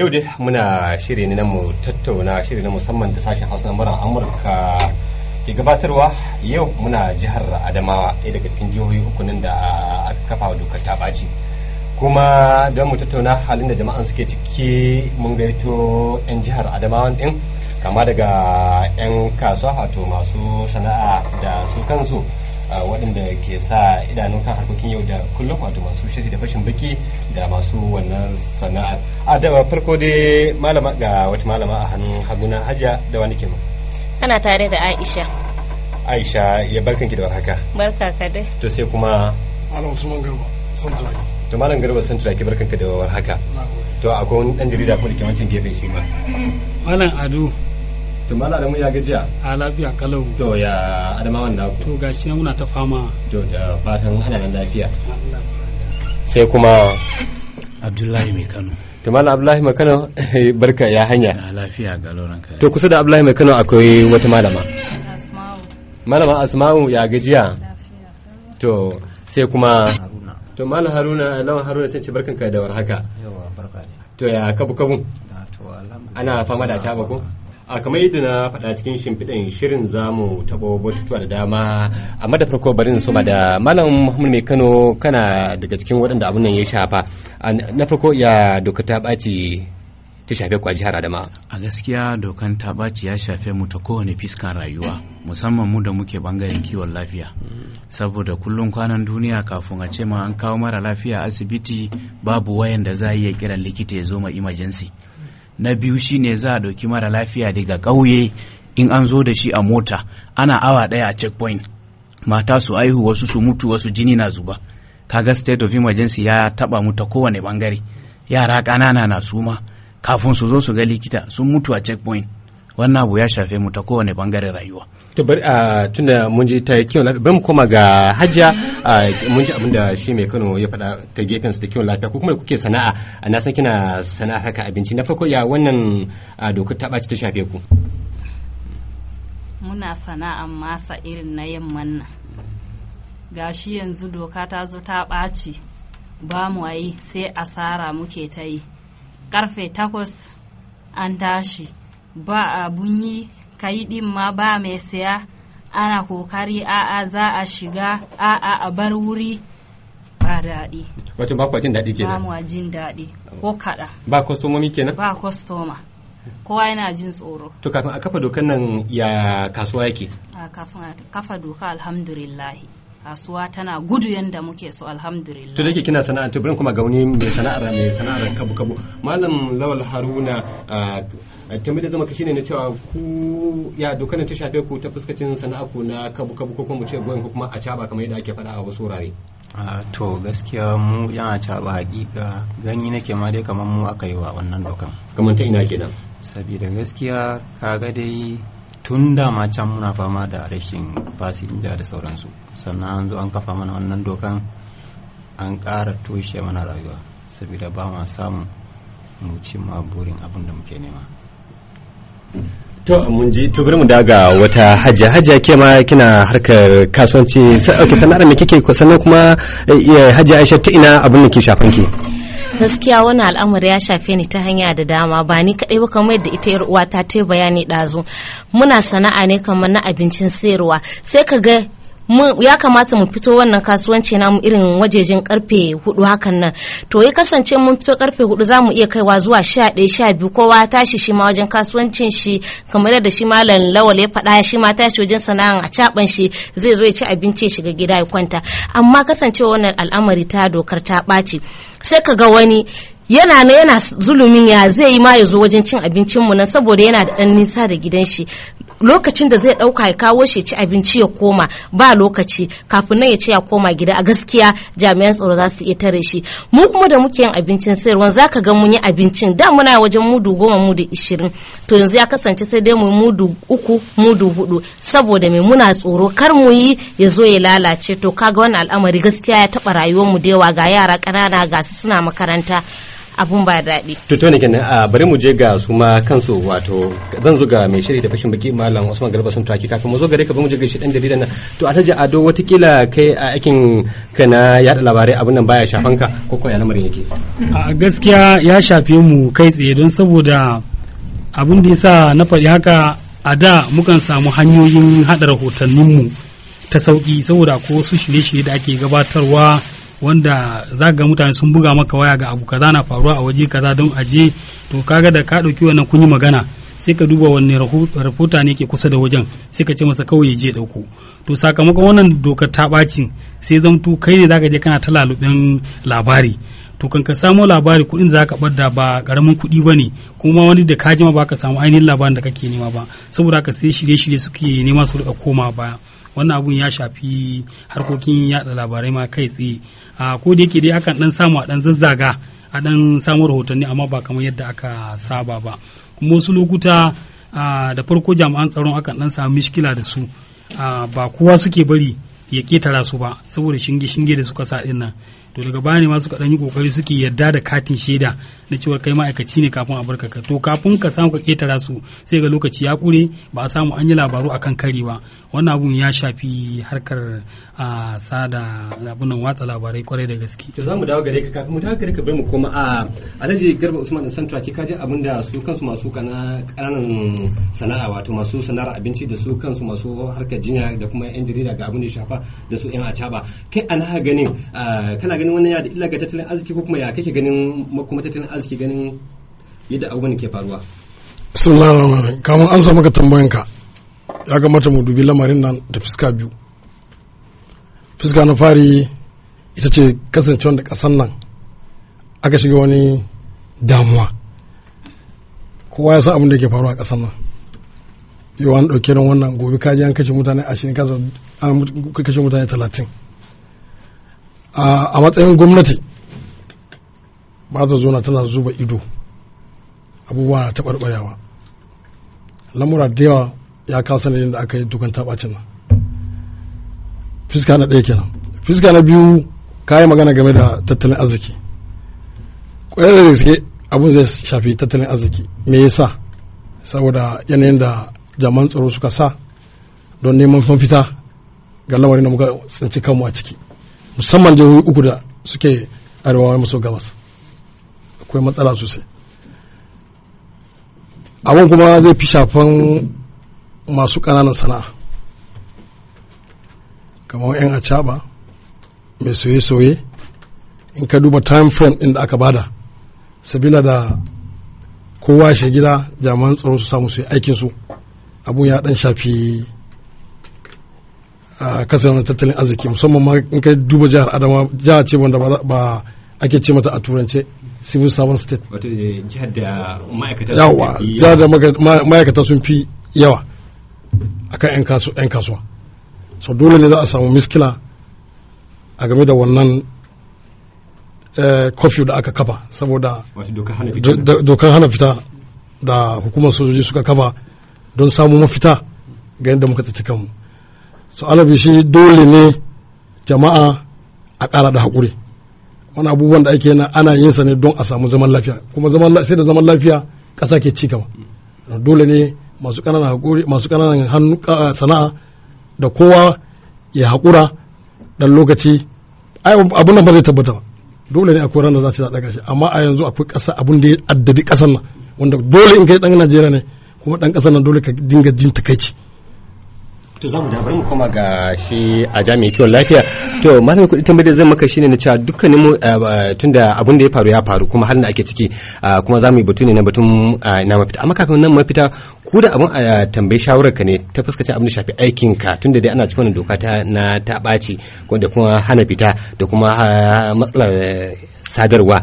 Yau dai muna shiri ne na mu tattauna shiri na musamman da sashen Hausa na murar Amurka ke gabatarwa yau muna jihar Adamawa ɗaya daga cikin jihohi ukunin da aka kafa wa dokar ta ɓaci. Kuma don mu tattauna halin da jama'an suke ciki mun gaito 'yan jihar Adamawa ɗin kama daga 'yan kasuwa wato masu sana'a da su kansu waɗanda ke sa idanun kan harkokin yau da kullum wato masu shiri da fashin baki da masu wannan sana'ar a da farko dai malama ga wata malama a hannun haguna hajja da wani kenan ana tare da aisha aisha ya barkan ki da haka. barka ka dai to sai kuma malam usman garba santuraki to malam garba ki barkan ka da warhaka to akwai wani dan jarida ko da ke wancan gefen shi ma malam ado to mala da mu ya gajiya a lafiya kalau to ya adamawan naku to gashi na muna ta fama to da fatan ana nan lafiya sai kuma abdullahi mai kano to mala abdullahi mai kano eh, barka ya hanya a lafiya ga lauran kai to kusa da abdullahi mai kano akwai wata malama malama asma'u ya gajiya to sai kuma to mala haruna lawan haruna sai ce barkanka da warhaka yawa barka ne to ya kabu kabun ana fama da shaba ko a kamar yadda na faɗa cikin shimfiɗan shirin zamu taɓo batutuwa da dama amma da farko bari soma da malam muhammad mai kano kana daga cikin waɗanda abin nan ya shafa na farko ya doka ta ɓaci ta shafe ku a jihar adama a gaskiya dokan ta ɓaci ya shafe mu ta kowane fiskan rayuwa musamman mu da muke bangaren kiwon lafiya saboda kullum kwanan duniya kafin a ce ma an kawo mara lafiya asibiti babu wayan da za a iya kiran likita ya zo ma imajensi na biyu shine za a ɗauki mara lafiya daga ƙauye in an zo da shi a mota ana awa ɗaya a checkpoint mata su aihu wasu su mutu wasu jini na zuba kaga state of emergency ya taɓa mu ta kowane bangare yara ƙanana na suma kafin su zo su ga likita sun mutu a checkpoint wannan abu ya shafe mu ta kowane bangaren rayuwa to bari a tunda mun ji ta kiwon lafiya bari mu koma ga Hajiya mun ji abinda shi mai Kano ya faɗa ta gefen su da kiwon lafiya ko kuma kuke sana'a na san kina sana'ar haka abinci na farko ya wannan dokar ta ɓaci ta shafe ku muna sana'an masa irin na yamman nan gashi yanzu doka ta zo ta ɓaci ba mu yi sai asara muke ta yi karfe takwas an tashi ba abun yi kayi din ma ba mai saya ana kokari a'a za a shiga a'a a bar wuri ba daɗi wato ba jin daɗi kenan ba jin daɗi ko kaɗa ba kwastomomi kenan ba kwastoma kowa yana jin tsoro to kafin a kafa dokan nan ya kasuwa yake kafin a kafa doka alhamdulillahi kasuwa tana gudu yadda muke so alhamdulillah to dake kina sana'a to bari kuma gauni mai sana'ar mai sana'ar kabu kabu malam lawal haruna tambayar zama ka shine na cewa ku ya dokar ta shafe ku ta fuskacin sana'a ku na kabu kabu ko kuma ce goyon ko kuma a caba kamar yadda ake faɗa a wasu wurare to gaskiya mu yan a caba hakika gani nake ma dai kamar mu aka yi wa wannan dokan kamar ta ina kenan sabida gaskiya kaga dai tun dama can muna fama da rashin fasinja da sauransu sannan an zo an kafa mana wannan dokan an ƙara toshe mana rayuwa saboda ba ma samun mu cimma burin abin da muke nema to mun ji to bari mu daga wata Hajja Hajja ke ma kina harkar kasuwanci sai okay sana'ar me kike sannan kuma eh, Hajja Aisha ta ina abin da ke shafanki gaskiya wani al'amari ya shafe ni ta hanya da dama ba ni kaɗai ba kamar yadda ita yar uwata ta bayani ɗazu muna sana'a ne kamar na abincin sayarwa sai ka ga ya kamata mu fito wannan kasuwanci namu irin wajejen karfe hudu hakan nan to ya kasance mun fito karfe hudu za mu iya kaiwa zuwa sha ɗaya sha biyu kowa tashi shi ma wajen kasuwancin shi kamar yadda shi malam lawal ya faɗa shi ma tashi wajen sana'an a caban shi zai zo ya ci abinci ya shiga gida ya kwanta amma kasancewa wannan al'amari ta dokar ta ɓaci sai ka ga wani yana na yana zulumin ya zai yi ma ya zo wajen cin abincinmu mu nan saboda yana da ɗan nisa da gidan shi lokacin da zai ɗauka ya kawo shi ci abinci ya koma ba lokaci kafin nan ya ce ya koma gida a gaskiya jami'an tsaro za su iya tare shi mu kuma da muke yin abincin sayarwa za ka ga mun yi abincin da muna wajen mudu goma mudu ishirin to yanzu ya kasance sai dai mu mudu uku mudu hudu saboda mai muna tsoro kar mu yi ya zo ya lalace to kaga wannan al'amari gaskiya ya taɓa rayuwar mu da yawa ga yara ƙanana ga su suna makaranta abun ba daɗi. Tuto ne a bari mu je ga su ma kansu wato zan zo ga mai shiri da fashin baki malam Usman Garba sun taki kafin mu zo gare ka mu je ga shi dan nan. To a taji ado watakila kai a aikin ka na yaɗa labarai abun nan baya shafan ka ko ko ya lamarin yake. A gaskiya ya shafe mu kai tsaye don saboda abun da yasa na faɗi haka a da mukan samu hanyoyin haɗa rahotanninmu ta sauƙi saboda ko su shirye-shirye da ake gabatarwa wanda za ga mutane sun buga maka waya ga abu kaza na faruwa a waje kaza don aje to kaga da ka ɗauki wannan kun yi magana sai ka duba wanne rahoto ne ke kusa da wajen sai ka ce masa kawai ya je dauko to sakamakon wannan dokar ta ɓaci sai zamto kai ne za ka je kana ta lalubin labari to kan ka samo labari kuɗin za ka ɓadda ba ƙaramin kuɗi ba ne kuma wani da ka jima ba ka samu ainihin labarin da kake nema ba saboda ka sai shirye-shirye suke nema su rika koma baya wannan abun ya shafi harkokin yada labarai ma kai tsaye a ko da yake dai akan dan samu a dan zazzaga a dan samu rahotanni amma ba kamar yadda aka saba ba kuma wasu lokuta da farko jami'an tsaron akan dan samu mishkila da su ba kowa suke bari ya ketara su ba saboda shinge-shinge da suka sa din nan to daga bayani ma suka dan yi kokari suke yarda da katin shaida da cewa kai ma'aikaci ne kafin a barka ka to kafin ka samu ka ketara su sai ga lokaci ya kure ba a samu an yi labaru kan kari ba wannan abun ya shafi harkar a sada labunan watsa labarai kwarai da gaske to za mu dawo gare ka kafin mu dawo gare ka bai mu koma a alhaji garba usman dan santra ke kaji abin da su kansu masu kana kananan sana'a wato masu sana'ar abinci da su kansu masu harkar jinya da kuma yan jarida ga abin da shafa da su yan acaba kai ana ganin kana ganin wannan ya da illa ga tattalin arziki ko kuma ya kake ganin kuma tattalin arziki suke ganin yadda abubuwan ke faruwa bismillahir rahmanir rahim an samu ka tambayanka ya kamata mu dubi lamarin nan da fuska biyu fuska na fari ita ce kasancewar da kasan nan aka shiga wani damuwa kowa ya san abin da ke faruwa a kasan nan yau an ɗauke nan wannan gobe ka an kashe mutane ashirin ka kashe mutane talatin a matsayin gwamnati ba za zona tana zuba ido abubuwa na taɓarɓarewa lamura da yawa ya kawo sanadin da aka yi dukan taɓacin nan fiska na ɗaya kenan fiska na biyu kayan magana game da tattalin arziki ƙwayar da gaske abun zai shafi tattalin arziki me yasa saboda yanayin da jaman tsaro suka sa don neman mafita ga lamarin da muka tsinci kanmu a ciki musamman jihohi uku da suke arewa maso gabas akwai matsala sosai abin kuma zai fi shafan masu kananan sana'a kamar 'yan acaba mai soye-soye in ka duba time frame ɗin da aka bada sabila da kowa shi gida jami'an tsaro su samu su yi aikinsu abun ya ɗan shafi a kasar tattalin arziki musamman ma in ka duba jihar adama jihar ce wanda ba ake ce mata a turance civil servant state wato jihar eh, da ma'aikata yawa jihar da ma'aikata sun fi yawa kan yan kasuwa so dole ne za a samu miskila a game da wannan kofi eh, da aka kafa saboda dokar hana fita da hukumar sojoji suka kafa don samu mafita ga yadda muka tsaci kanmu so alabi shi dole ne jama'a a ƙara da haƙuri wani abubuwan da ake na ana yin sa ne don a samu zaman lafiya kuma zaman sai da zaman lafiya kasa ke ci gaba dole ne masu kananan hakuri masu kananan hannu sana'a da kowa ya hakura dan lokaci ai abun nan ba zai tabbata ba dole ne akwai da za ta daga shi amma a yanzu akwai kasa abun da ya addabi kasar nan wanda dole in kai dan Najeriya ne kuma dan kasar nan dole ka dinga jin takaici to za mu da bari mu koma ga shi a jami'in kiwon lafiya to malamin kuɗi tambayar da zan maka shine na cewa dukkanin mu eh, tunda abin da ya faru ya faru kuma halin da ake ciki ah, kuma za mu yi batu ne na batun ah, na mafita amma kafin nan mafita ku da abin a ah, tambayi shawarar ka ne ta fuskacin abin da shafi aikin ka tunda dai ana cikin doka ta na ta ɓaci da kuma hana fita da kuma matsalar eh, sadarwa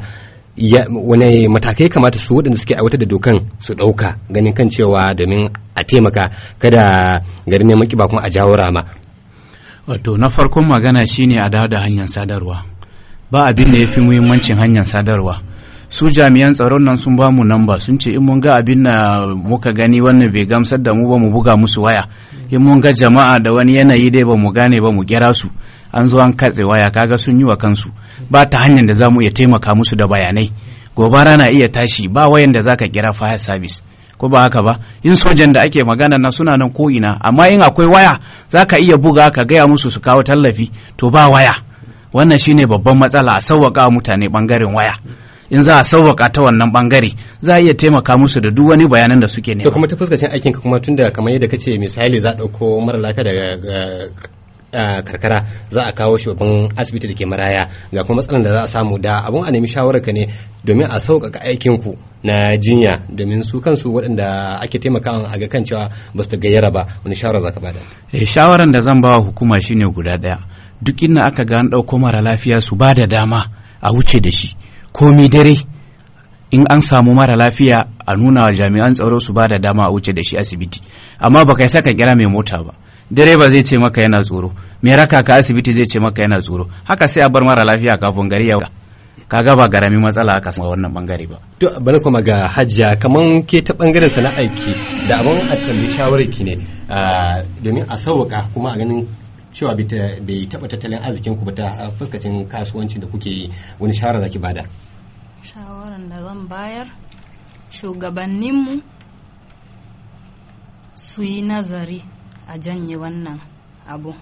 wane matakai kamata su waɗanda suke aiwatar da dokan su ɗauka ganin kan cewa domin a taimaka kada garin neman kiba kuma a jawo rama wato na farkon magana shine a dawo da hanyar sadarwa ba abin da ya fi muhimmancin hanyar sadarwa su jami'an tsaron nan sun ba mu namba sun ce in mun ga abin da muka gani wannan bai gamsar da mu ba mu buga musu waya in mun ga jama'a da wani yanayi dai ba mu gane ba mu kira su an zo an katse waya kaga sun yi wa kansu ba ta hanyar da za mu iya taimaka musu da bayanai gobara na iya tashi ba wayan da zaka kira fire service ko ba haka ba in sojan da ake magana na suna nan ko ina amma in akwai waya zaka iya buga ka gaya musu su kawo tallafi to ba waya wannan shine babban matsala a sauwaka mutane bangaren waya in za a sauwaka ta wannan bangare za a iya taimaka musu da duk wani bayanan da suke nema. To kuma ta fuskacin aikin kuma tunda kamar yadda kace misali za a ɗauko mara lafiya daga karkara za a kawo shi babban asibiti da ke maraya ga kuma matsalar da za a samu da abun a nemi shawarar ka ne domin a sauƙaƙa aikin ku na jinya domin su kansu waɗanda ake taimakawa a ga kan cewa ba su gayyara ba wani shawarar za ka bada eh shawaran da zan ba wa hukuma shine guda ɗaya duk inda aka ga an ɗauko mara lafiya su ba da dama a wuce da shi komi dare in an samu mara lafiya a nuna wa jami'an tsaro su ba da dama a wuce da shi asibiti amma baka yi saka kira mai mota ba direba zai ce maka yana tsoro mai raka ka asibiti zai ce maka yana tsoro haka sai a bar mara lafiya kafin gari ya kaga ba garami matsala aka sama wannan bangare ba. To bari kuma ga hajja kaman ke ta bangaren sana'ar ki da abin a shawarar ki ne ah, domin a sauwaka kuma a ganin cewa bai taɓa tattalin arzikin ku ba ta fuskacin kasuwanci da kuke yi wani shawara zaki bada. Shawaran da zan bayar shugabanninmu su yi nazari a janye wannan abu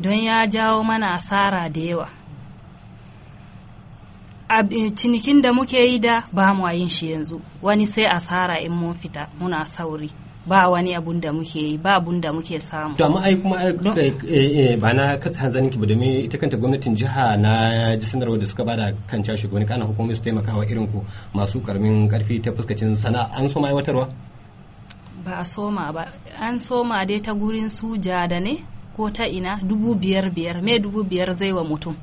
don ya jawo mana asara da yawa eh, cinikin da muke yi da ba mu yin shi yanzu wani sai asara in mun fita muna sauri ba wani abun da muke yi ba abun da muke samu to amma ai kuma eh, eh, ba na kasa hanzarin ki ba domin ita kanta gwamnatin jiha na ji sanarwa da suka bada kan cashe wani kana hukumomi su taimakawa irin ku masu karamin karfi ta fuskacin sana'a an so ma aiwatarwa ba a soma ba an soma dai ta gurin su da ne ko ta ina dubu biyar biyar me dubu biyar zai wa mutum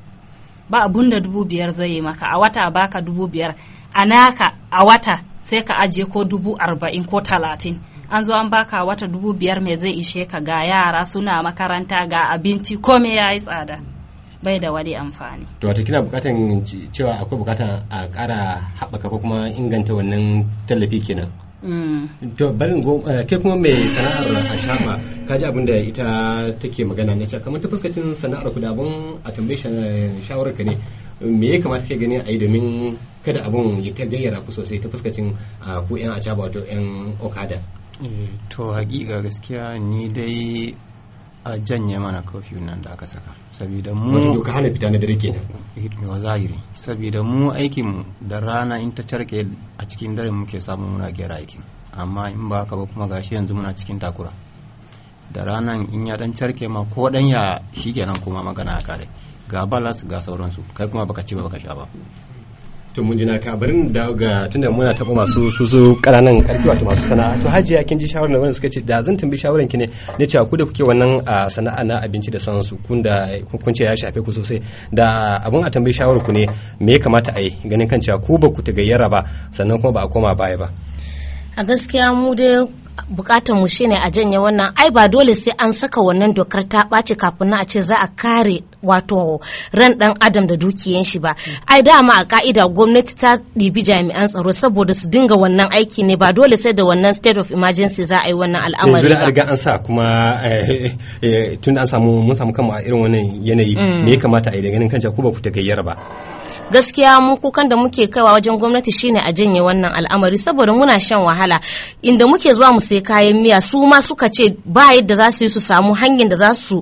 ba abun da dubu biyar zai maka a wata baka dubu biyar a naka a wata sai ka ajiye ko dubu arba'in ko talatin an zo an baka a wata dubu biyar mai zai ishe ka ga yara suna makaranta ga abinci kome ya yi tsada bai da wani amfani. To wata kina bukatan cewa akwai bukata a ƙara haɓaka ko kuma inganta wannan tallafi kenan. Mm. to barin eh, ke kuma mai sana'ar ashaba ka ji abin da ita take magana ne kamar ta fuskacin sana'ar ku da abin a tambaye eh, shawarar ka ne me ya kamata ka gani a yi domin kada abin ya ta gayyara ku sosai ta fuskacin ah, ku yan ashaba wato yan okada eh, to hakika gaskiya ni dai a janye mana kofi nan da aka saka saboda mu wato hana fita na dare kenan wa zahiri saboda mu aikin mu da rana in ta carke a cikin dare muke samu muna gera aikin amma in ba haka ba kuma gashi yanzu muna cikin takura da ranan in ya dan carke ma ko dan ya shikenan kuma magana ya kare ga balas ga sauransu kai kuma baka ci ba baka sha ba to mun jina ka barin da ga tunda muna taba masu su su kananan karfi wato masu sana'a to hajiya kin kinji shawaran wannan suka ce da zan tambi shawaran ki ne na cewa ku da kuke wannan sana'a na abinci da sansu kun da kun ce ya shafe ku sosai da abun a tambayi shawarar ku ne me ya kamata a yi ganin kan cewa ku ba ku ta gayyara ba sannan kuma ba a koma baya ba a gaskiya mu dai bukatar mu shine a janye wannan ai ba dole sai an saka wannan dokar ta baci kafin na a ce za a kare wato ran dan adam da dukiyan shi ba ai dama a ka'ida gwamnati ta ɗibi jami'an tsaro saboda su dinga wannan aiki ne ba dole sai da wannan state of emergency za a yi wannan al'amari ba riga an sa kuma eh, eh, eh, tun an samu mun samu kanmu a irin wannan yanayi mm. me ya kamata a yi da ganin kanta ku ba ku ta gayyara ba gaskiya mu kukan da muke kaiwa wajen gwamnati shine a janye wannan al'amari saboda muna shan wahala inda muke zuwa mu sai kayan miya su ma suka ce ba yadda za su yi su samu hanyar da za su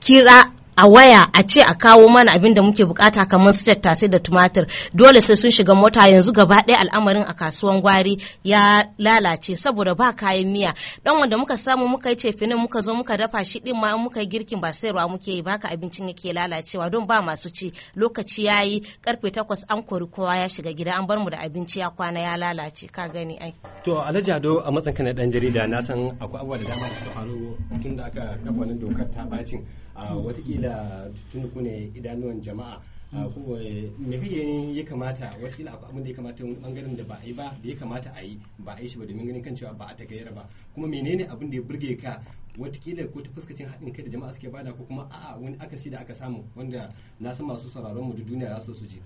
kira a waya a ce a kawo mana abin da muke bukata kamar su tattasai da tumatir dole sai sun shiga mota yanzu gaba ɗaya al'amarin a kasuwan gwari ya lalace saboda ba kayan miya dan wanda muka samu muka yi cefinin muka zo muka dafa shi din ma muka yi girkin ba sayarwa muke yi baka abincin yake lalacewa don ba masu ci lokaci ya yi karfe takwas an kori kowa ya shiga gida an bar mu da abinci ya kwana ya lalace ka gani ai to alhaji ado a matsanka na dan jarida na san akwai abubuwa da dama da suka faru tun da aka kafa wannan dokar ta bacin watakila tun ku ne idanuwan jama'a eh, me kake ya kamata watakila akwai abin da ya kamata wani bangaren da ba a yi ba da ya kamata a yi ba a yi shi ba domin ganin kan cewa ba a tagayyara ba kuma menene abin da ya burge ka watakila ko ta fuskacin haɗin kai da jama'a suke bada ko kuma a'a wani akasi da aka samu wanda na san masu sauraron mu duniya za su ji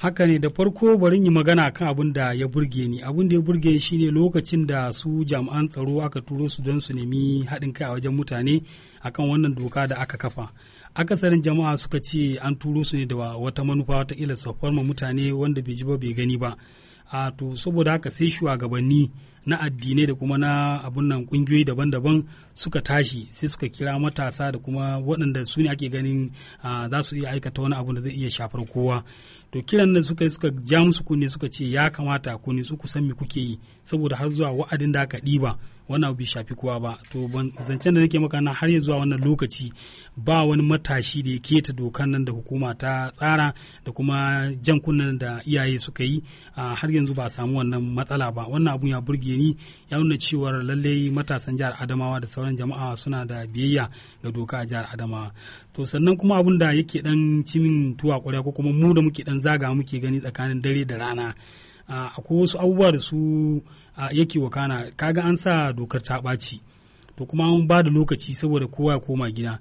haka ne da farko bari yi magana kan abin da ya burge ni abin da ya burge shi ne lokacin da su jami'an tsaro aka turo su don su nemi haɗin kai a wajen mutane akan wannan doka da aka kafa akasarin jama'a suka ce an turo su ne da wata manufa ila su ma mutane wanda bai ji ba bai gani ba a to saboda haka sai shugabanni na addinai da kuma na abun nan kungiyoyi daban-daban suka tashi sai suka kira matasa da kuma waɗanda su ne ake ganin za su iya aikata wani abu da zai iya shafar kowa to kiran nan suka suka ja musu kunne suka ce ya kamata ku ne su ku san me kuke yi saboda har zuwa wa'adin da aka ɗiba wani abu bai shafi kowa ba to zancen da nake maka na har zuwa wannan lokaci ba wani matashi da ya keta dokan nan da hukuma ta tsara da kuma jan kunnen da iyaye suka yi har yanzu ba samu wannan matsala ba wannan abun ya burge geni ya nuna cewar lallai matasan jihar adamawa da sauran jama'a suna da biyayya ga doka a jihar adamawa to sannan kuma abun da yake dan cimin tuwa ƙwarya ko kuma mu da muke dan zaga muke gani tsakanin dare da rana akwai wasu abubuwa da su yake wakana kaga an sa dokar ta ɓaci to kuma an ba da lokaci saboda kowa ya koma gida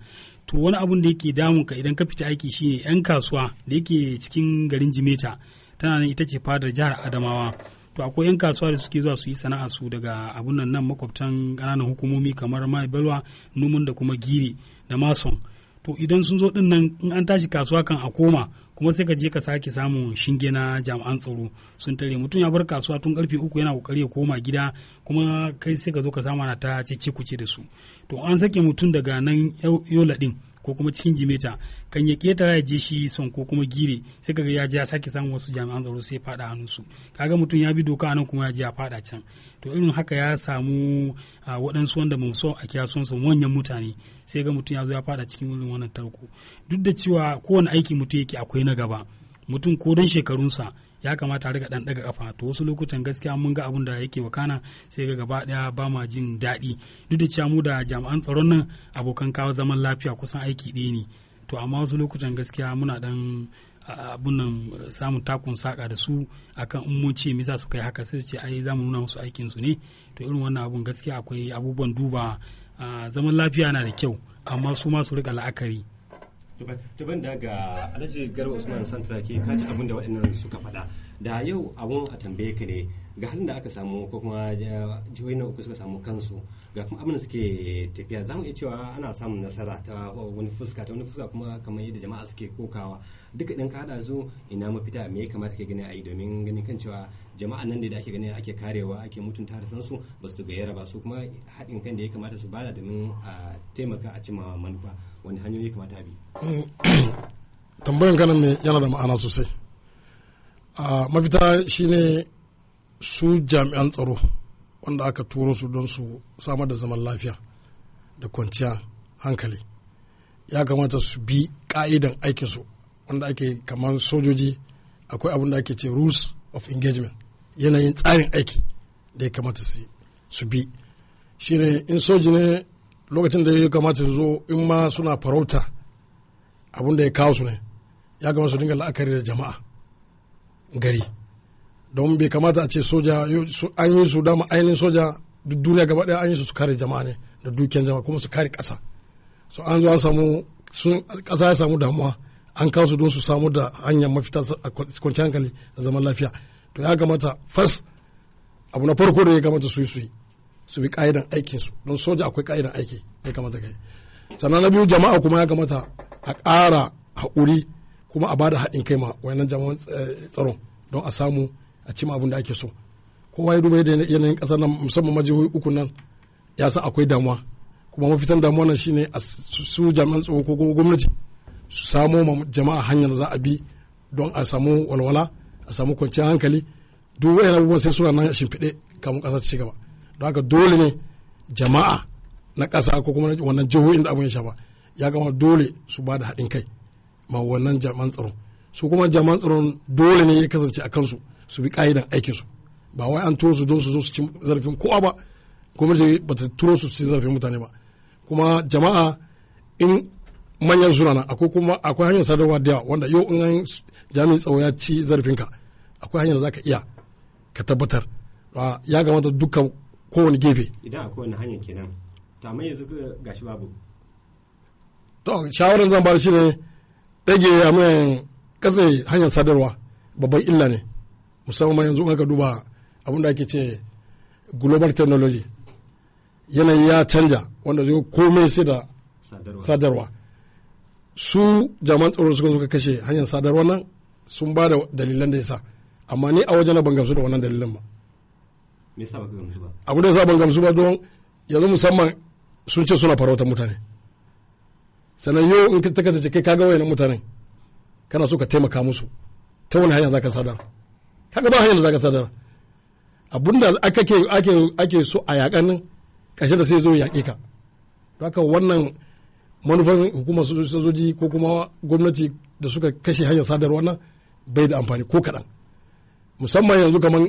to wani abun da yake damun ka idan ka fita aiki shine yan kasuwa da yake cikin garin jimeta tana nan ita ce fadar jihar adamawa to akwai 'yan kasuwa da suke zuwa su yi sana'a su daga abun nan makwabtan ƙananan hukumomi kamar mai balwa numun da kuma giri da mason to idan sun zo din nan in an tashi kasuwa kan a koma kuma sai ka je ka sake samun shinge na jami'an tsaro sun tare mutum ya bar kasuwa tun karfe uku yana kokari ya koma gida kuma kai sai ka zo ka ana ta cece kuce da su to an sake mutum daga nan yola din ko kuma cikin jimeta kan ya ketara ya je shi son ko kuma gire sai kaga ya je ya sake samun wasu jami'an tsaro sai faɗa su kaga mutum ya bi doka nan kuma ya je ya fada can to irin haka ya samu waɗansu wanda mun so a kiya son su manyan mutane sai ga mutum ya zo ya fada cikin irin wannan tarko duk da cewa kowane aiki mutum yake akwai na gaba mutum ko dan shekarunsa ya kamata a riga dan daga kafa to wasu lokutan gaskiya mun ga abun da yake wakana sai ga gaba daya ba ma jin daɗi duk da cewa mu da jami'an tsaron nan abokan kawo zaman lafiya kusan aiki ɗaya ne to amma wasu lokutan gaskiya muna dan abun nan samun takun saka da su akan in mun ce misa su kai haka sai ce ai za mu nuna musu aikin su ne to irin wannan abun gaskiya akwai abubuwan duba zaman lafiya na da kyau amma su ma su riƙa la'akari tuban da ga alhaji garba usman santrake ka ci abin da waɗannan suka faɗa da yau abun a tambaye ka ne ga halin da aka samu ko kuma eh, jihohi na uku suka samu kansu ga kuma abin da suke tafiya za mu iya cewa ana samun nasara ta wani fuska ta wani fuska kuma kamar yadda jama'a suke kokawa duka ɗan kada zo su ina mafita me ya kamata ka gani a yi domin ganin kan cewa jama'a nan da ake gani ake karewa ake mutunta da sansu ba su gayyara ba su kuma haɗin kan da ya kamata su bada domin a taimaka a cima manufa wani hanyoyi kamata bi tambayan ganin ne yana da ma'ana sosai mafita shine su jami'an tsaro wanda aka turo su don su samar da zaman lafiya da kwanciya hankali ya kamata su bi ka'idan aikinsu wanda ake kamar sojoji akwai abin da ake ce rules of engagement yanayin tsarin aiki da ya kamata su bi shine in soji ne lokacin da ya kamata zo in ma suna farauta abin da ya kawo su ne ya kamata su dinga la'akari da jama'a gari don bai kamata a ce soja an yi su dama ainihin soja duk duniya gaba daya an yi su su kare jama'a ne da dukiyar jama'a kuma su kare ƙasa so an zo an samu sun ƙasa ya samu damuwa an kawo su don su samu da hanyar mafita a kwanciyar hankali da zaman lafiya to ya kamata fas abu na farko da ya kamata su yi su yi su bi ka'idan aikin su don soja akwai ka'idan aiki ya kamata kai sannan na biyu jama'a kuma ya kamata a ƙara haƙuri kuma a bada haɗin kai ma wayannan jami'an eh, tsaron don a samu a cima abin da ake so kowa ya duba yanayin ƙasar nan musamman majihohi uku nan ya san akwai damuwa kuma mafitan damuwa nan shine a su jami'an tsaro ko gwamnati su samo ma jama'a hanyar za a bi don a samu walwala a samu kwanciyar hankali duk wayan abubuwan sai suna nan a shimfiɗe kamun ƙasa ta ci gaba don haka dole ne jama'a na ƙasa ko kuma wannan jihohin da abin ya shafa ya gama dole su bada da haɗin kai ma wannan jaman tsaron su kuma jaman tsaron dole ne ya kasance a kansu su bi ka'idan aikinsu ba wai an turo su don su zo su cin zarafin kowa ba kuma gwamnati ba ta turo su cin zarafin mutane ba kuma jama'a in manyan sunana akwai kuma akwai hanyar sadarwa da yawa wanda yau in an jami'in tsaro ya ci zarafinka akwai hanyar za zaka iya ka tabbatar ya gamata dukkan kowane gefe idan akwai wani hanyar kenan to mai yanzu gashi babu to shawaran zan ba shi ne rage a mai katse hanyar sadarwa babban illa ne musamman yanzu aka duba abin da ake ce global technology yanayi ya canja wanda zai komai sai da sadarwa su jaman tsaro suka suka kashe hanyar sadarwa nan sun ba da dalilan da ya sa amma ni a wajen ban gamsu da wannan dalilan ba abu da ya sa ban gamsu ba don yanzu musamman sun ce suna farautar mutane sannan yau in ka kasance kai kaga wayannan mutanen kana so ka taimaka musu ta wani hanya zaka sadar kaga ba hanyar zaka sadar abinda aka ke ake ake so a yakan nan kashe da sai zo yaƙe ka haka wannan manufan hukumar sojoji ko kuma gwamnati da suka kashe hanyar sadarwa wannan bai da amfani ko kaɗan musamman yanzu kaman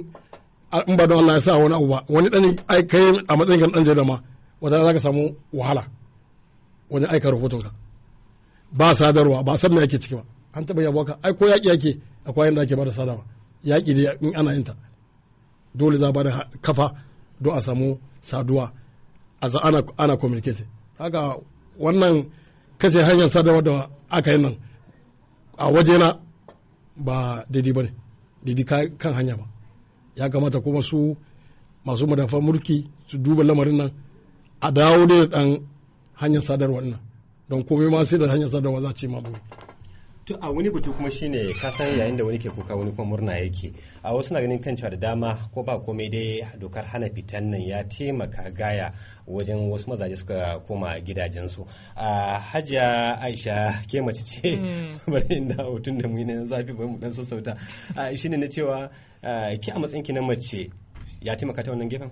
in ba don Allah ya sa wani abu ba wani ɗan kai a matsayin kan ɗan jarida ma wata za ka samu wahala wani aika rahoton ka ba sadarwa ba san me ake ciki ba an taba yabo ka ai ko yaki yake akwai inda ake bada sadarwa yaki dai in ana yin ta dole za ba da kafa don a samu saduwa a za ana ana communicate haka wannan kashe hanyar sadarwa da aka yi nan a wajena ba daidai bane ne daidai kan hanya ba ya kamata kuma su masu madafa mulki su duba lamarin nan a dawo da dan hanyar sadarwar nan don komai ma sai da hanyar sadarwa za ce ma to a wani batu kuma shine ka san yayin da wani ke kuka wani kuma murna yake a wasu na ganin kan cewa da dama ko ba komai dai dokar hana fitan nan ya taimaka gaya wajen wasu mazaje suka koma gidajensu a hajiya aisha ke mace ce hmm. bari inda hutun da mu na zafi bai mu dan sassauta shine na cewa ki a matsayin ki na mace ya taimaka ta wannan gefen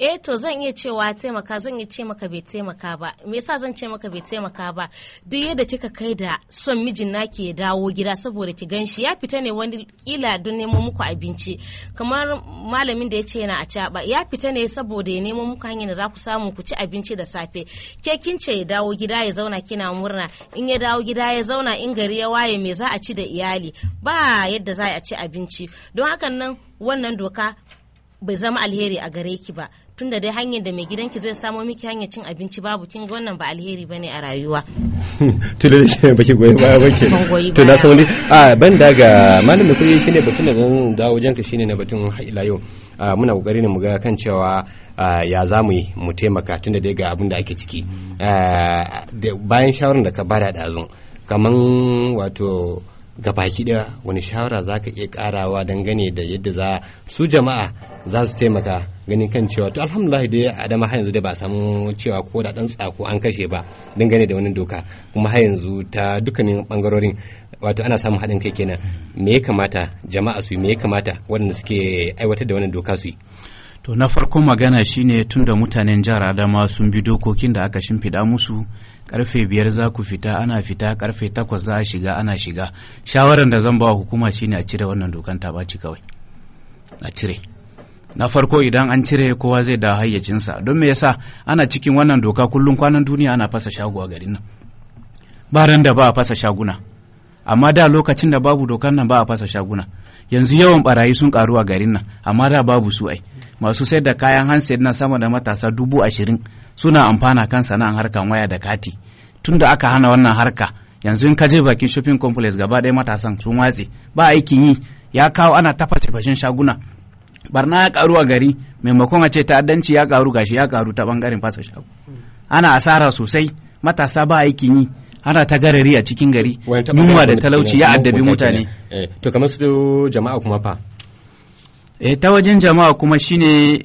eh to zan iya cewa taimaka zan iya ce maka bai taimaka ba me yasa zan ce maka bai taimaka ba duk yadda kika kai da son mijin naki ya dawo gida saboda ki ganshi ya fita ne wani kila don nemo muku abinci kamar malamin da ya ce yana a caba ya fita ne saboda ya nemo muku hanyar da za ku samu ku ci abinci da safe ke kin ce ya dawo gida ya zauna kina murna in ya dawo gida ya zauna in gari ya waye me za a ci da iyali ba yadda za a ci abinci don hakan nan wannan doka bai zama alheri a gare ki ba tunda dai hanyar da mai gidanki zai samo miki hanyar cin abinci babu kin ga wannan ba alheri bane a rayuwa tunda da baki goyi baya baki to na san wani a ah, ban da ga malamin kuɗi shine batun da zan dawo wajen ka shine na batun ila yau ah, muna kokari ne mu ga kan cewa ah, ya za mu yi mu taimaka tunda dai ga abin da ake ciki bayan shawarar da ka bada ɗazun kaman wato gabaki daya wani shawara za ka iya karawa dangane da yadda za su jama'a za su taimaka ganin kan cewa to alhamdulillah dai adama har yanzu dai ba samu cewa ko da dan tsako an kashe ba dangane da wani doka kuma har yanzu ta dukkanin bangarorin wato ana samun haɗin kai kenan me ya kamata jama'a su yi me ya kamata waɗanda suke aiwatar da wannan doka su yi to na farko magana shine tunda mutanen jihar adama sun bi dokokin da aka shimfiɗa musu karfe biyar za ku fita ana fita karfe takwas za a shiga ana shiga shawaran da zan ba hukuma shine a cire wannan dokan ta ci kawai a cire na farko idan an cire kowa zai da hayyacinsa don me yasa ana cikin wannan doka kullum kwanan duniya ana fasa shago a garin nan ba ran da ba a fasa shaguna amma da lokacin da babu dokar nan ba a fasa shaguna yanzu yawan barayi sun karu a garin nan amma da babu su ai masu sayar da kayan handset na sama da matasa dubu ashirin suna amfana kan sana'an harkan waya da kati tun da aka hana wannan harka yanzu in ka je bakin shopping complex gaba ɗaya matasan sun watse ba aikin yi ya kawo ana tafasa fashin shaguna barna ya karu a gari maimakon a ce ta'addanci ya karu gashi ya karu ta bangaren fasa shago ana asara sosai matasa ba aikin yi ana ta garari a cikin gari yunwa da talauci ya addabi mutane eh, to kamar su jama'a kuma fa eh, ta wajen jama'a kuma shine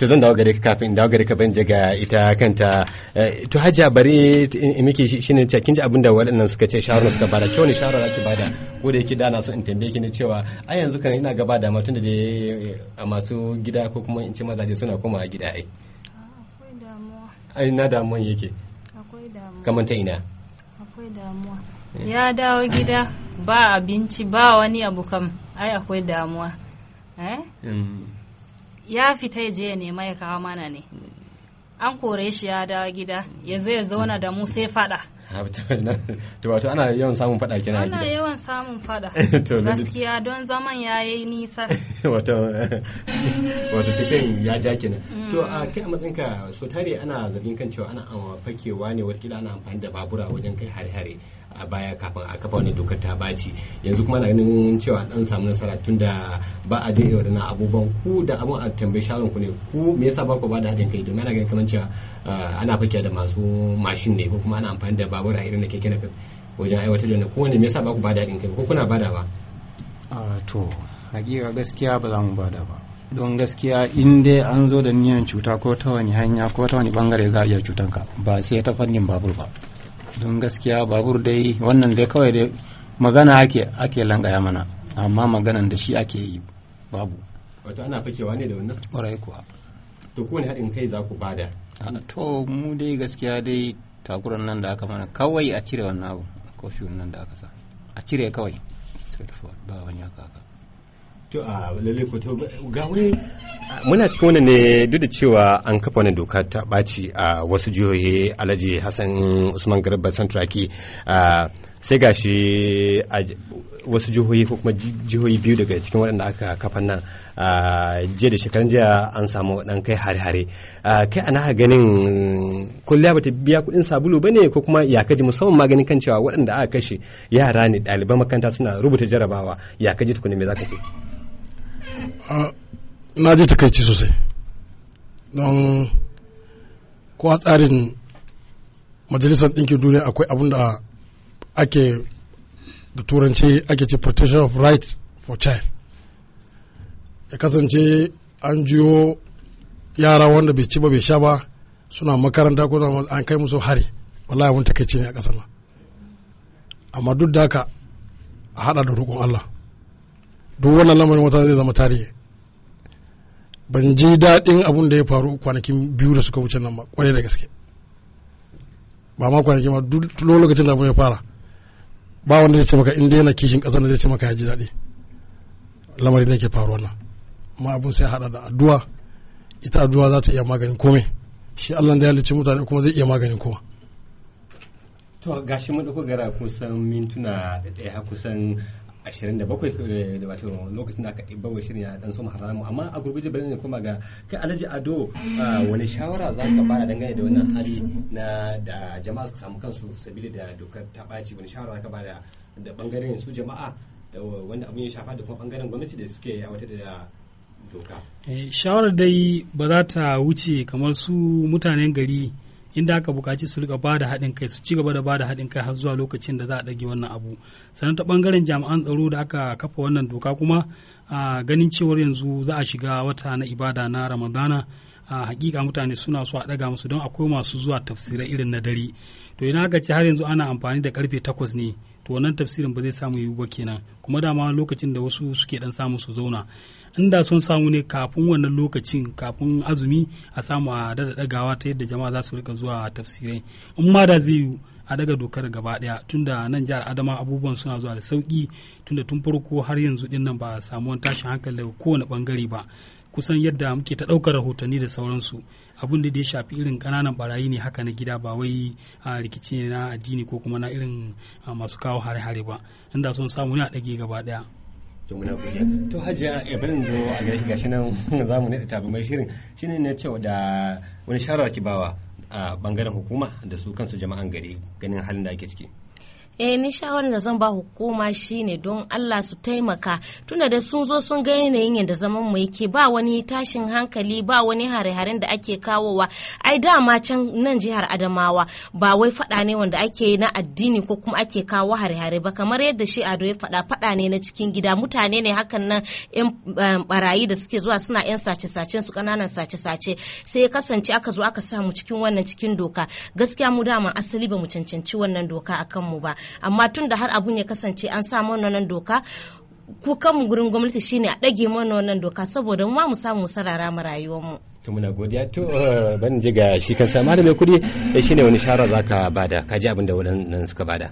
to zan dawo gare ka kafin dawo gare ka ban ga ita kanta eh, to hajja bare miki shine ce kin ji abin da waɗannan suka ce shawarar suka bada kyau ne shawarar ake bada ko da yake dana so in tambaye ki ne cewa a yanzu kan ina gaba da matan da a eh, masu gida ko kuma in ce mazaje suna komawa gida ai ai na Akwai yake kamar ta ina akwai damuwa eh. ya dawo gida ba abinci ba wani abu kam ai akwai damuwa eh hmm. ya fita ya je ya nema ya kawo mana ne an kore shi ya dawo gida ya zo ya zauna da mu sai fada to wato ana yawan samun fada kina gida ana yawan samun fada gaskiya don zaman ya yi nisa wato wato tafiyan ya ja kenan mm. to a kai a matsayinka so tare ana zargin kan cewa ana fakewa ne wata ana amfani da babura wajen kai hare-hare a baya kafin a kafa wani dokar ta baci yanzu kuma na ganin cewa dan samu nasara tunda ba a je na abubuwan ku da abun a tambayi shawarar ku ne ku me yasa ba ku ba da hadin kai domin ana ganin kamar cewa eh, ana fakiya da masu mashin ne ko kuma ana amfani da babur a irin da keke napep wajen aiwatar da wani me yasa ba ku ba da hadin kai ko kuna badawa ah, to hakika gaskiya ba za mu da ba don gaskiya in dai an zo da niyan cuta ko ta wani hanya ko ta wani bangare za a iya cutanka ba sai ta fannin babur ba don gaskiya babur dai wannan dai kawai dai magana ake ake langaya mana amma maganan da shi ake yi babu wato ana fakewa ne da wannan kwarai kuwa to kowane haɗin kai za ku bada to mu dai gaskiya dai takuran nan da aka mana kawai a cire wannan abu kofi nan da aka sa a cire kawai ba wani haka haka to a lalle ko to muna cikin wannan ne duk da cewa an kafa wani doka ta ɓaci a wasu jihohi alhaji hassan usman garba santraki sai ga shi a wasu jihohi ko kuma jihohi biyu daga cikin waɗanda aka kafa nan jiya da shekaran jiya an samu ɗan kai hare-hare kai ana ganin kulliya bata biya kuɗin sabulu ba ne ko kuma ya kaji musamman maganin kan cewa waɗanda aka kashe yara ne ɗaliban makaranta suna rubuta jarabawa ya kaji tukuni me za ka ce Ah, na ji takaici sosai don a tsarin majalisar ɗinkin duniya akwai abin da ake da turanci ake ce protection of right for child ya kasance an jiyo yara wanda bai ci ba bai sha ba suna makaranta ko an kai musu hari wallahi abin takaici ne a ƙasar nan amma duk da haka a haɗa da roƙon Allah duk wannan lamarin wata zai zama tarihi ban ji daɗin abun da ya faru kwanakin biyu da suka wuce nan ba kwarai da gaske ba ma kwanaki ma duk lokacin da abun ya fara ba wanda zai ce maka inda yana kishin ƙasar da zai ce maka ya ji daɗi lamarin da ke faruwa nan ma abun sai haɗa da addu'a ita addu'a za ta iya maganin komai shi Allah da ya halicci mutane kuma zai iya maganin kowa To gashi da dauko gara kusan mintuna ha kusan 27 eh, wato lokacin da aka wa shirin ya dan soma haramu amma a gurguje bari ne kuma ga kai alhaji ado wani shawara za ka bada dangane da wannan hali na da jama'a suka samu kansu sabili da dokar ta ɓaci wani shawara za ka bada da bangaren su jama'a da wanda abin ya shafa da kuma bangaren gwamnati da suke aiwatar da doka eh, shawarar dai ba za ta wuce kamar su mutanen gari inda aka bukaci su rika ba da haɗin kai su ci gaba da ba da haɗin kai har zuwa lokacin da za a ɗage wannan abu sannan ta ɓangaren jami'an tsaro da aka kafa wannan doka kuma a ganin cewar yanzu za a shiga wata na ibada na ramadana a hakika mutane suna so a ɗaga musu don akwai masu zuwa tafsirai irin na dare to ina aka ce har yanzu ana amfani da karfe takwas ne to wannan tafsirin ba zai samu yiwu ba kenan kuma dama lokacin da wasu suke dan samu su zauna inda sun samu ne kafin wannan lokacin kafin azumi a samu a dada dagawa ta yadda jama'a za su rika zuwa tafsirai in ma da zai yiwu a daga dokar gaba daya tunda nan jihar adama abubuwan suna zuwa da sauki tunda tun farko har yanzu din nan ba a samu wani tashin hankali daga kowane bangare ba kusan yadda muke ta ɗaukar rahotanni da sauransu abin da ya shafi irin kananan barayi ne haka na gida ba wai a rikici na addini ko kuma na irin masu kawo hare-hare ba inda sun samu ne a ɗage gaba daya. to muna godiya to hajiya ya bari zo a gare gashi nan za mu naɗa tabi mai shirin shine na cewa da wani shawara ki bawa a bangaren hukuma da su kansu jama'an gari ganin halin da ake ciki eh ni da zan ba hukuma shine don Allah su taimaka tunda da sun zo sun ga yanayin yadda zaman mu yake ba wani tashin hankali ba wani hare-haren da ake kawowa ai dama can nan jihar Adamawa ba wai fada ne wanda ake na addini ko kuma ake kawo hare-hare ba kamar yadda shi Ado ya fada fada ne na cikin gida mutane ne hakan nan yan barayi um, da suke zuwa suna yan sace sace su kananan sace-sace sai ya kasance aka zo aka samu cikin wannan cikin doka gaskiya mu dama asali ba mu cancanci wannan doka akan mu ba amma tun da har abun ya kasance an sa mana nan doka kukan gurin gwamnati shine a ɗage mana wannan doka saboda mu ma mu samu sarara mu rayuwar mu to muna godiya to uh, ban ji ga shi kan da mai kudi eh, shine wani shawara zaka bada ka ji abin da wannan suka bada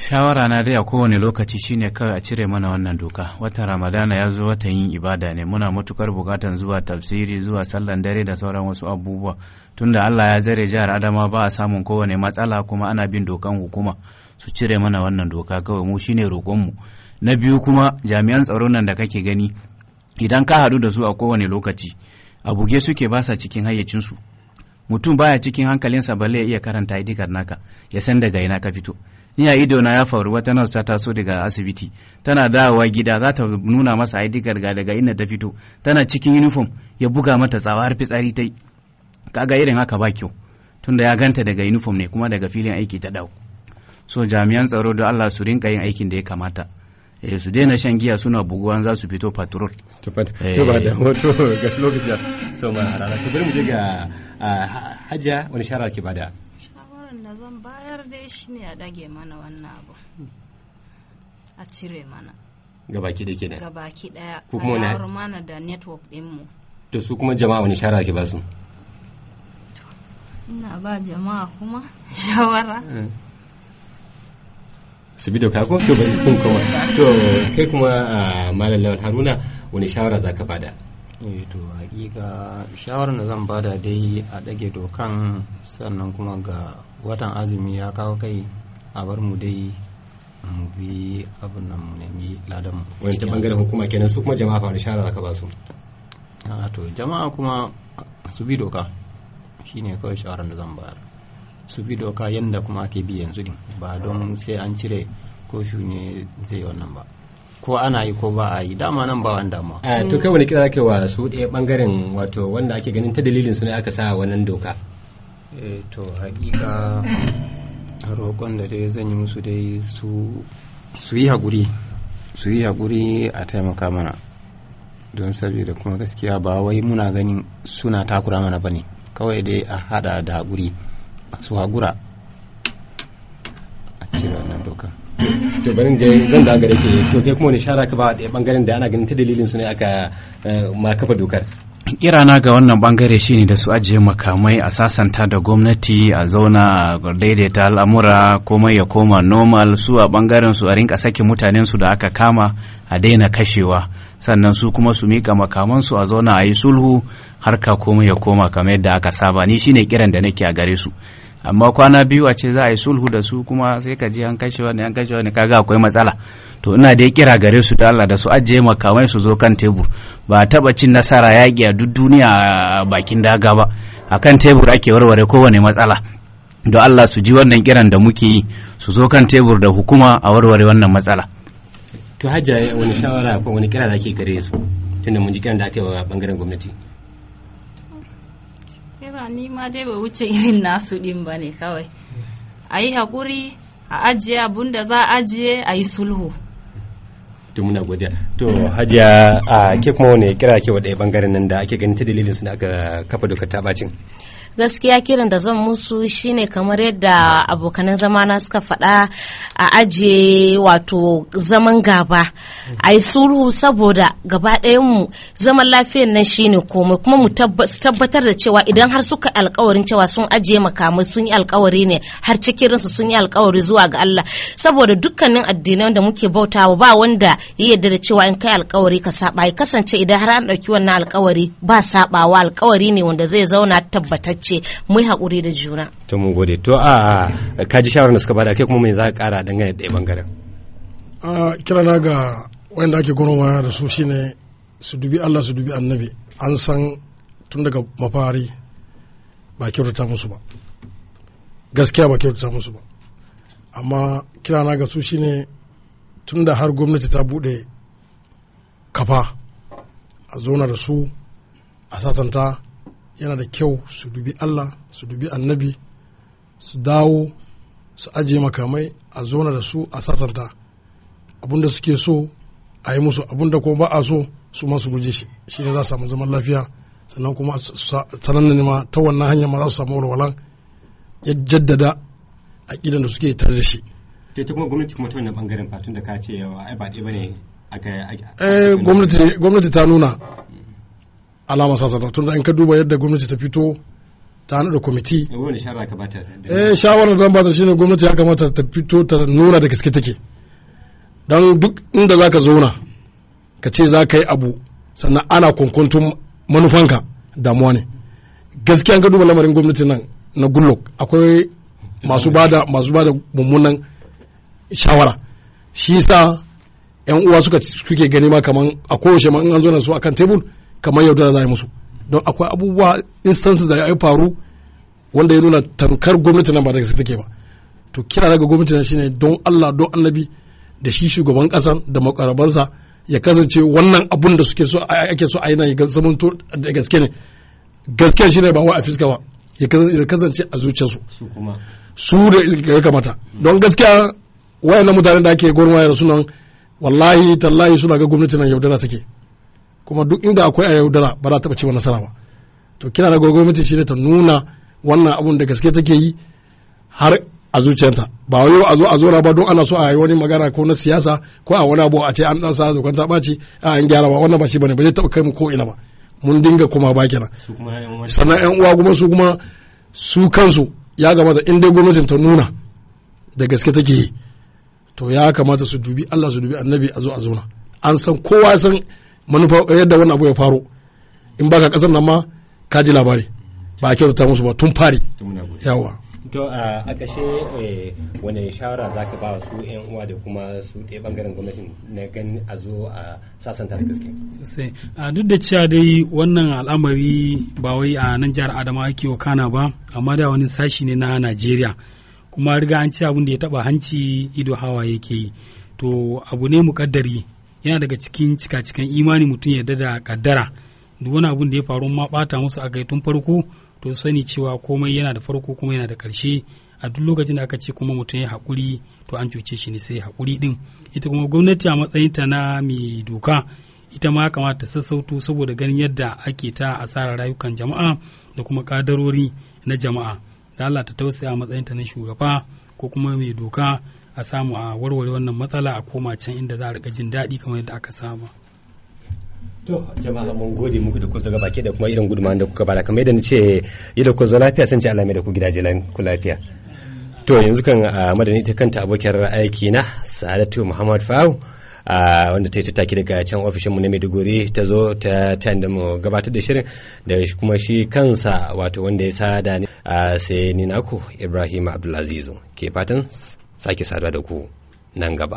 shawara na dai a kowane lokaci shine kawai a cire mana wannan doka Wata ramadana ya zo watan yin ibada ne muna matukar bukatan zuwa tafsiri zuwa sallan dare da sauran wasu abubuwa tunda allah ya zare jihar adama ba a samun kowane matsala kuma ana bin dokan hukuma su cire mana wannan doka kawai mu shine roƙonmu na biyu kuma jami'an tsaron nan da kake gani idan ka haɗu da su a kowane lokaci a buge suke ba sa cikin hayyacinsu mutum baya cikin hankalinsa balle ya iya karanta ID naka ya san daga ina ka fito ni ido na ya faru wata nurse ta taso daga asibiti tana dawowa gida za ta nuna masa ID card ga daga inda ta fito tana cikin uniform ya buga mata tsawa har fitsari ta yi kaga irin haka ba kyau tunda ya ganta daga uniform ne kuma daga filin aiki ta dawo so jami'an tsaro da Allah su rinka yin aikin da ya kamata eh su daina shan giya suna buguwan za su fito patrol to ba da moto eh. ga lokaci so ma rana to bari mu je ga hajiya wani shara ke bada shawaran da zan bayar da shi ne a dage mana wannan abu a cire mana gabaki da kenan gabaki daya ku kuma wani mana da network din mu to su kuma jama'a wani shara ke ba su ina ba jama'a kuma shawara eh. su bi doka ko to ba su kuma to kai kuma malam lawal haruna wani shawara za ka bada eh to hakika shawarar da zan bada dai a dage dokan sannan kuma ga watan azumi ya kawo kai a bar mu dai mu bi abin nan mu nemi ladan wani ta bangaren hukuma kenan su kuma jama'a fa wani shawara za ka ba su to jama'a kuma su bi doka shine kawai shawarar da zan bada. su bi doka yadda kuma ake bi yanzu din ba don sai an cire kofi ne zai wannan ba ko ana yi ko ba a yi dama nan ba wani damuwa. Eh, to kai wani kira kai wa su ɗaya bangaren wato wanda ake ganin ta dalilin su ne aka sa wannan doka. Eh, to hakika roƙon da dai zan yi musu dai su yi haƙuri su yi haƙuri a taimaka mana don saboda kuma gaskiya ba wai muna ganin suna takura mana ba ne kawai dai a haɗa da haƙuri su hagura a cire wannan doka to barin je zan da gare ke to kai kuma ne shara ka ba da bangaren da ana ganin ta dalilin su ne aka eh, ma kafa dokar kirana ga wannan bangare shine da su ajiye makamai a sasanta da gwamnati a zauna a daidaita al'amura komai ya koma normal su a bangaren su a rinka sake mutanen su da aka kama a daina kashewa sannan su kuma su mika makamansu a zauna a yi sulhu harka komai ya koma kamar yadda aka saba ni shine kiran da nake a gare su amma kwana biyu a ce za a yi sulhu da su kuma sai ka ji an kashe wani an kashe wani kaga akwai matsala to ina dai kira gare su da Allah da su ajiye makamai su zo kan tebur ba taba cin nasara yaƙi a duk duniya bakin daga ba akan tebur ake warware kowane matsala don Allah su ji wannan kiran da muke yi su zo kan tebur da hukuma a warware wannan matsala to hajja wani mm. shawara ko wani kira da ake gare su tunda mun ji kiran da aka yi wa bangaren gwamnati kira ni ma dai ba wuce irin nasu din ba ne kawai a yi haƙuri a ajiye abun da za a ajiye a yi sulhu to muna godiya to hajiya a ke kuma wani kira ke wa ɗaya bangaren nan da ake ganin ta dalilin su da aka kafa dokar ta bacin gaskiya kiran da zan musu shine kamar yadda abokanan na suka faɗa a aje wato zaman gaba a yi sulhu saboda gaba mu zaman lafiyar nan shine komai kuma mu tabbatar da cewa idan har suka alkawarin cewa sun aje makamai sun yi alkawari ne har cikin ransu sun yi alkawari zuwa ga Allah saboda dukkanin addinan da muke bautawa ba wanda ya yarda da cewa in kai alkawari ka saba ya kasance idan har an ɗauki wannan alkawari ba sabawa alkawari ne wanda zai zauna tabbatacce ce mu haƙuri da juna to mun gode to a ka ji shawarar da suka bada kai kuma me za ka kara dangane da bangaren a kira na ga wanda ake gwamnati da su shine su dubi Allah su dubi annabi an san tun daga mafari ba kyautata musu ba gaskiya ba kyautata musu ba amma kirana ga su shine tun da har gwamnati ta bude kafa a zona da su a sasanta yana da kyau su dubi Allah su dubi annabi su dawo su ajiye makamai a zona da su a sasanta abinda suke so a yi musu abinda kuma ba a so su masu guje shi shi ne za su samu zaman lafiya sannan kuma ne ma ta wannan hanyar ma za su samu walwalan ya jaddada a kidan da suke tare da shi. Ke ta kuma gwamnati kuma ta wannan bangaren fatun da ka ce yawa ai ba ɗaya bane ne aka eh, gwamnati ta nuna alama tun da in ka duba yadda gwamnati ta fito ta da kwamiti eh shawarar da bata shine gwamnati ya kamata ta fito ta nuna da gaske take don duk inda zaka zauna ka ce za ka yi abu sannan ana kunkuntun manufanka damuwa ne gaskiya ka duba lamarin gwamnati nan na gullok akwai masu bada masu bada mummunan shawara shi sa yan uwa suka suke gani ma kaman a kowace ma in an zo na su akan tebul kamar yaudara za a yi musu don akwai abubuwa instances da ya faru wanda ya nuna tankar gwamnati nan ba da take ba to kira daga gwamnati nan shine don Allah don annabi da shi shugaban kasa da makarabansa ya kasance wannan abun da suke so ake so a yi na to da gaske ne gaske shine ba wa a ba ya kasance a zuciyarsu su da ya kamata don gaskiya wayannan mutanen da ake gwamnati da sunan wallahi tallahi suna ga gwamnati nan yaudara take kuma duk inda akwai a yaudara ba za ta ci nasara ba to kina da gwamnati shi ta nuna wannan abun da gaske take yi har a zuciyarta ba wai a zo a zo ba don ana so a yi wani magana ko na siyasa ko a wani abu a ce an dan sa zo ta baci a an gyara ba wannan ba shi bane ba zai taba kai mu ko ina ba mun dinga kuma ba kenan sannan yan uwa kuma su kuma su kansu ya kamata in dai gwamnatin ta nuna da gaske take yi to ya kamata su dubi Allah su dubi annabi a zo a zauna an san kowa san manufa yadda wannan abu ya faro in baka kasar nan ma ka ji labari ba a kyautata musu ba tun fari yawa to a kashe eh, wani shawara za ka ba su yan uwa da kuma su ɗaya bangaren gwamnati na gan a zo a sasanta da gaske sosai a duk da cewa dai wannan al'amari ba wai a nan jihar adama ake wakana ba amma da wani sashi ne na najeriya kuma riga an ci abin da ya taba hanci ido hawa yake yi to abu ne kaddari yana daga cikin cikacikan imani mutum ya da kaddara duk wani abun da ya faru ma bata musu a tun farko to sani cewa komai yana da farko kuma yana da karshe a duk lokacin da aka ce kuma mutum ya haƙuri to an cuce shi ne sai hakuri din ita kuma gwamnati a matsayin ta na mai doka ita ma kamata ta sassauto saboda ganin yadda ake ta asarar rayukan jama'a da kuma kadarori na jama'a da Allah ta tausaya a ta na shugaba ko kuma mai doka a samu a warware wannan matsala a koma can inda za a rika jin daɗi kamar yadda aka saba to jama'a mun gode muku da kusa gabaki da kuma irin gudunmawar da kuka bada kamar yadda nace yadda ku zo lafiya sun ci mai da ku gidaje ku lafiya to yanzu kan a madani ta kanta abokiyar aiki na sa'adatu muhammad Fa'u wanda ta yi tattaki daga can ofishin mu na Maiduguri ta zo ta tanda mu gabatar da shirin da kuma shi kansa wato wanda ya sada ne sai ni naku Ibrahim Abdulaziz ke fatan sake saduwa da ku nan gaba.